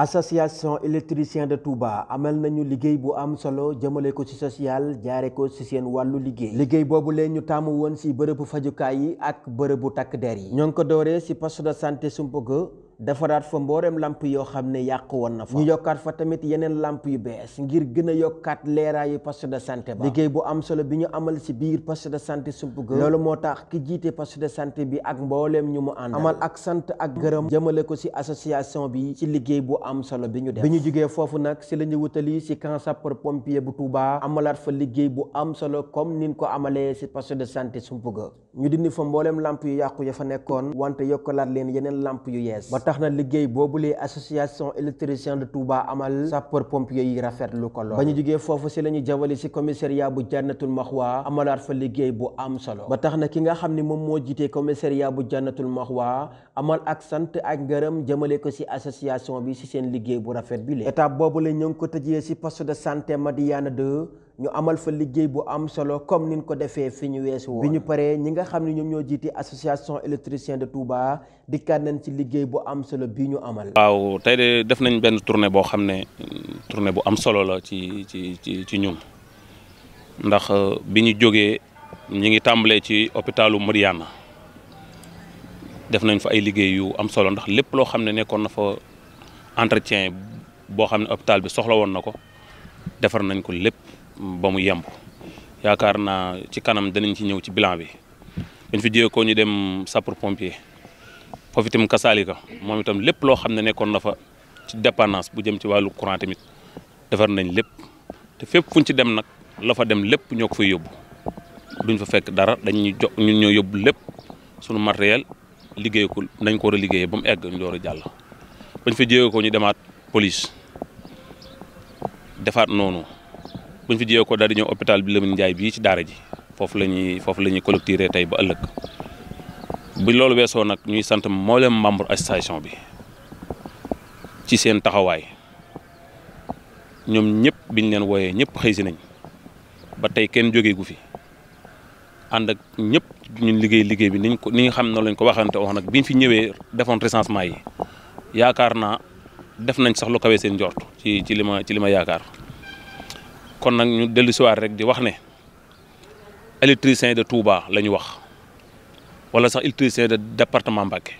association électricien de Touba amal nañu liggéey bu am solo jëmale ko ci social jaare ko ci seen wàllu liggéey liggéey boobu leen ñu taamu woon ci bërëbu fajukaay yi ak bërëbu takk der yi ñoo ngi ko dooree ci poste de santé Sumpogo defaraat fa mbooleem lamp yoo xam ne yàqu woon na fa ñu yokkaat fa tamit yeneen làmp yu bees ngir gën a yokkaat leeraayu poste de santé ba liggéey bu am solo bi ñu amal si biir poste de santé Sumpuga loolu moo tax ki jiite poste de santé bi ak mbooleem ñu mu ànd amal ak sant ak gërëm jëmale ko si association bi ci liggéey bu am solo bi def bi ñu jugee foofu nag si la ñu wutali si camp sapeur pompier bu Touba amalaat fa liggéey bu am solo comme nin ko amalee si poste de santé Sumpuga ñu dindi fa mbooleem lamp yu yàqu ya fa nekkoon wante yokkalaat leen yeneen làmp yu yees tax na liggéey boobu lee association électricien de Touba amal sapeur pompier yi rafetlu ko lool ba ñu jógee foofu si la ñu si commissariat bu jannatul maxwa amalaat fa liggéey bu am solo ba tax na ki nga xam ni moom moo jiitee commissariat bu jannatul maxwa amal ak sant ak ngërëm jëmale ko si association bi si seen liggéey bu rafet bi lee étape boobu la ngi ko tëjee si poste de santé Madiana 2 ñu amal fa liggéey bu am solo comme nin ko defee fi ñu weesu woon bi ñu paree ñi nga xam ne ñoom ñoo jiiti association électricien de Touba dikkaat nañ ci liggéey bu am solo bi ñu amal. waaw tey def nañ benn tournée boo xam ne tournée bu am solo la ci ci ci ci ñun ndax euh, bi ñu jógee ñi ngi tàmbalee ci hôpitalu Mariana def nañ fa ay liggéey am solo ndax lépp loo xam ne nekkoon na fa entretien boo xam ne hôpital bi soxla woon na ko defar nañ ko lépp. ba mu yemb yaakaar naa ci kanam danañ ci ñëw ci bilan bi dañ fi jiyee koo ñu dem sapeur pompier foofu itam kasaalika moom itam lépp loo xam ne nekkoon na fa ci dépendance bu jëm ci wàllu courant tamit defar nañ lépp te fépp fuñ ci dem nag la fa dem lépp ñoo ko fay yóbbu duñ fa fekk dara dañuy jox ñun ñoo yóbbu lépp sunu matériel liggéey nañ ko war ba mu egg ñu a jàll bañ fa jiyee ko ñu demaat police defaat noonu. bu ñu fi jiyee ko daal di ñëw hôpital bi Lamine Ndiaye bii ci daara ji foofu la ñuy foofu la ñuy collecté tey ba ëllëg bi loolu weesoo nag ñuy sant mboolem membre association bi ci seen taxawaay ñoom ñëpp biñ leen wooyee ñëpp xëy si nañ ba tey kenn jógee gu fi ànd ak ñëpp ñun liggéey liggéey bi niñ ko ni nga xam ne lañ ko waxante wax nag bi biñ fi ñëwee defoon recensement yi yaakaar naa def nañ sax lu kawee seen njort ci ci li ci li ma yaakaar kon nag ñu dellu siwaat rek di wax ne électricien de Touba la ñu wax walla sax électricien de département Mbacké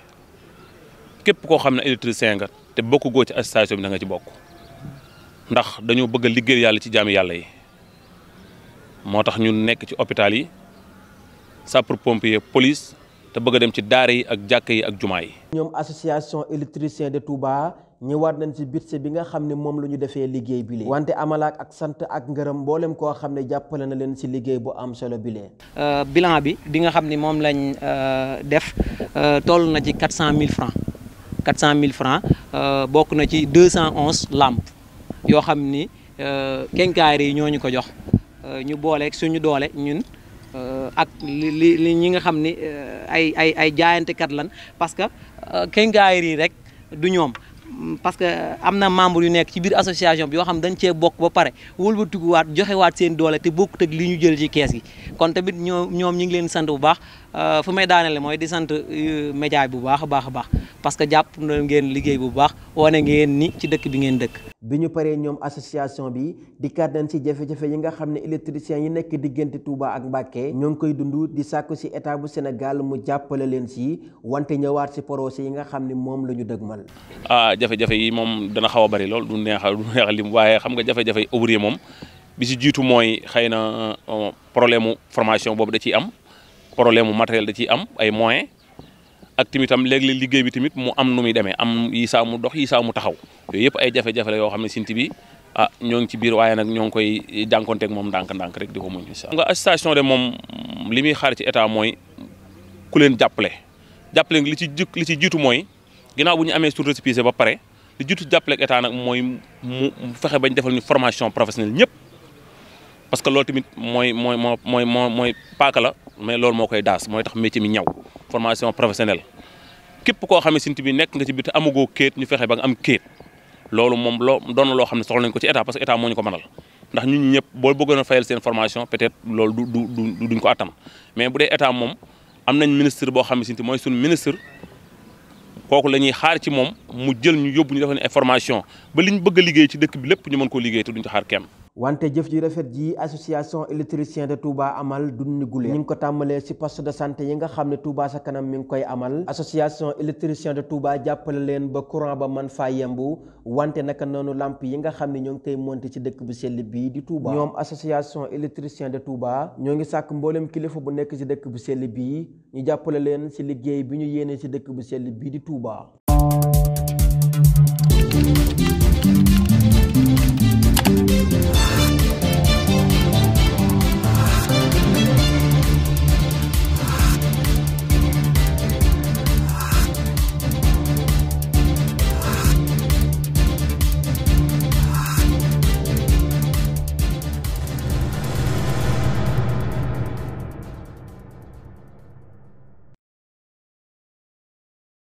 képp koo xam ne électricien nga te bokk goo ci association bi da nga ci bokk ndax dañoo bëgg a liggéey yàlla ci jaami yàlla yi moo tax ñu nekk ci hôpital yi sapeur pompier police te bëgg dem ci daar yi ak jàkka yi ak jumaa yi ñoom association électricien de Touba war nañ ci budget bi nga xam ne moom la ñu defee liggéey bi wante amalaak ak sant ak ngërëm mboolem koo xam ne jàppale na leen ci liggéey bu am solo bi lee euh, bilan bi bi nga xam ne moom lañ euh, def euh, toll na ci quatre cent mille francs quatre cent mille francs bokk na ci deux cent onze làmp yoo xam ni kenkaari yi ñoo ñu ko jox ñu booleeg suñu doole ñun ak li li ñi nga xam ni ay ay ay jaayantekat lan parce que kenkaari yi rek du ñoom parce que am na membre yu nekk ci biir association bi yoo xam dañ cee bokk ba pare joxe waat seen doole te bokkut ak li ñu jël ci kees gi kon tamit ñoo ñoom ñu ngi leen sant bu baax euh, fu may daanele mooy di sant euh, média bu baax a baax a baax parce que jàpp na ngeen liggéey bu baax wane ngeen ni ci dëkk bi ngeen dëkk. bi ñu paree ñoom association bi dikkaat nañ ci jafe-jafe yi nga xam ne électriciens yi nekk diggante Touba ak Mbacké ñoo ngi koy dund di sàkk ci état bu Sénégal mu jàppale leen ci wante ñëwaat ci projet yi nga xam ni moom la ñu man ah jafe-jafe yi moom dana xaw a bari lool du neex du neex lim waaye xam nga jafe-jafe ouvrier moom bi ci jiitu mooy xëy na euh, problème mu formation boobu da ciy am problème mu matériel da ciy am ay moyens. ak tamit tam léeg liggéey bi tamit mu am nu muy demee am yi mu dox yi saa mu taxaw yëpp ay jafe yoo xam ne sinti bi ah ñoo ngi ci biir nag ñoo ngi koy jànkonteeg moom ndànk-ndànk rek di ko muñ incha nga association de moom li muy xaar ci état mooy ku leen jàppale jàppale li ci li ci jiitu mooy ginnaaw bu ñu amee sur récépissé ba pare li jàppale état nag mooy mu fexe bañ defal ñu formation professionnelle ñëpp parce que loolu tamit mooy mooy moo mooy moo mooy paaka la mais loolu moo koy daas mooy tax métier mi ñaw formation professionnelle képp ko xam ne sint bi nekk nga ci biir te amagoo ñu fexe ba am kéet loolu moom loo doon loo xam ne soxla nañ ko ci état parce que état moo ko manal. ndax ñun ñëpp boo bëggoon na fayal seen formation peut-être loolu du du duñ ko atam. mais bu dee état moom am ministre bo xam ne sint sun ministre kooku la ñuy xaar ci moom mu jël ñu yóbbu ñu defal ñu formation ba li ñu bëgg a liggéey ci dëkk bi lépp ñu mën koo liggéey te duñ xaar kenn wante jëf ji rafet ji association électricien de touba amal duñ ni gulé ñing ko tamalé ci poste de santé yi nga xamné touba sa kanam mi ngi koy amal association électricien de touba jappalé len ba courant ba man fa yembu wante naka nonu lamp yi nga xamné ñong tay monté ci dëkk bu sel bi di touba ñom association électricien de touba ñoo ngi sak mbolem kilifa bu nekk ci dëkk bu sel bi ñu jappalé len ci liggéey bi ñu yéné ci dëkk bu sel bi di touba